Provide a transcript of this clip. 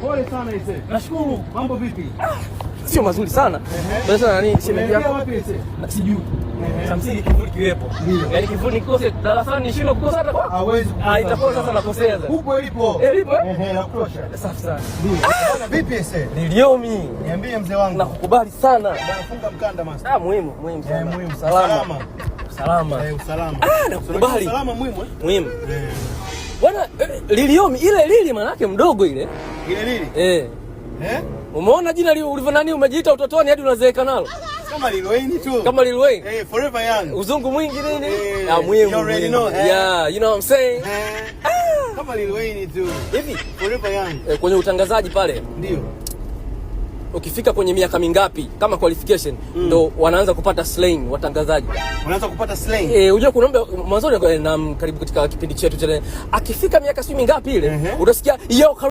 Pole sana ise. Nashukuru. Mambo vipi? Sio mazuri sana. Pole sana nani shemeji yako? Wapi ise? Sijui. Samsini kivuli kiwepo. Yaani kivuli nikose darasani nishindwe kukosa hata kwa. Hawezi. Ah, itakuwa sasa nakosea. Huko ilipo. Ilipo? Eh? Ehe, nakutosha. Safi sana. Bwana ah! vipi ise? Niliomi. Niambie mzee wangu. Nakukubali sana. Nafunga mkanda master. Ah, muhimu, muhimu sana. Eh, muhimu. Salama. Salama. Eh, usalama. Ah, nakukubali. Salama muhimu. eh? Muhimu. Eh. Bwana eh, liliomi ile lili manake mdogo ile. Ile lili? Eh. Eh? Umeona jina lile ulivyo nani umejiita utotoni hadi unazeeka nalo. Kama Lil Wayne tu. Kama Lil Wayne. Eh, forever young. Uzungu mwingi nini? Eh, ah, mwenyewe. You already know. Eh. Yeah, you know what I'm saying? Eh. Ah. Kama Lil Wayne tu. Hivi forever young. Eh, kwenye utangazaji pale. Ndio ukifika kwenye miaka mingapi kama qualification mm. ndo wanaanza kupata slang watangazaji, wanaanza kupata slang eh, unajua kuna mwanzo eh, na karibu katika kipindi chetu cha akifika miaka sijui mingapi ile uh -huh. utasikia yo